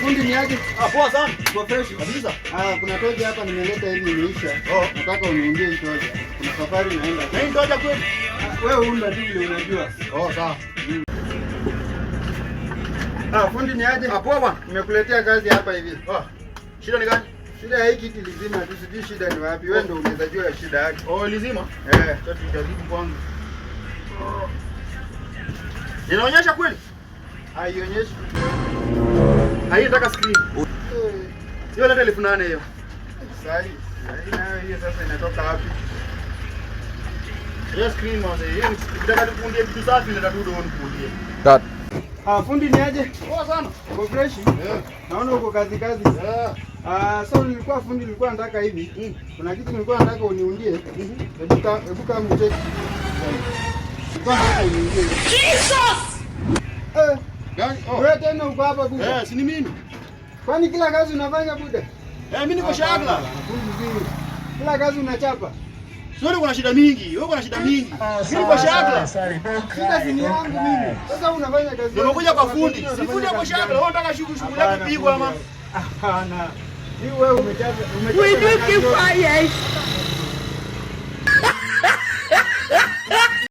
fundi ni aje? Ah, poa sana. Tuko fresh kabisa. Ah, kuna toja hapa nimeleta hivi imeisha. Oh. Nataka uniungie hii toja. Kuna safari naenda. Na hii toja kweli? Ah, wewe unda tu ile unajua. Oh, sawa. Mm. Ah, fundi ni aje? Ah, poa bwana. Nimekuletea kazi hapa hivi. Oh. Shida ni gani? Shida ya hiki kiti lizima, tusijui shida ni wapi. Wewe ndio unaweza jua ya shida yake. Oh, lizima? Eh, sasa kwangu. Oh. Inaonyesha kweli? Haionyeshi. Hii nataka screen. Hmm. Hiyo ndio elfu nane hiyo. Sasa hiyo sasa inatoka wapi? Hiyo screen hiyo kitu safi na tatudo Ah, fundi ni aje? Poa sana. Uko fresh? Yeah. Naona uko kazi kazi. Yeah. Ah, so nilikuwa fundi nilikuwa nataka hivi. Mm. Kuna kitu nilikuwa nataka uniundie. Mm-hmm. Hebu ka hebu ka Jesus! Eh, gani? Oh. Wewe tena uko hapa buda? Eh, si ni mimi. Kwani kila kazi unafanya buda? Eh, mimi niko shagla. Ah, ah, ah, kila kazi unachapa. Sio kuna shida mingi. Wewe kuna shida mingi. Mimi niko shagla. Shida si ni yangu mimi. Sasa unafanya kazi. unakuja kwa fundi. Si fundi kwa shagla. Wewe unataka shughuli shughuli yako pigwa ama? Hapana. Ni wewe umechaza. Umechaza.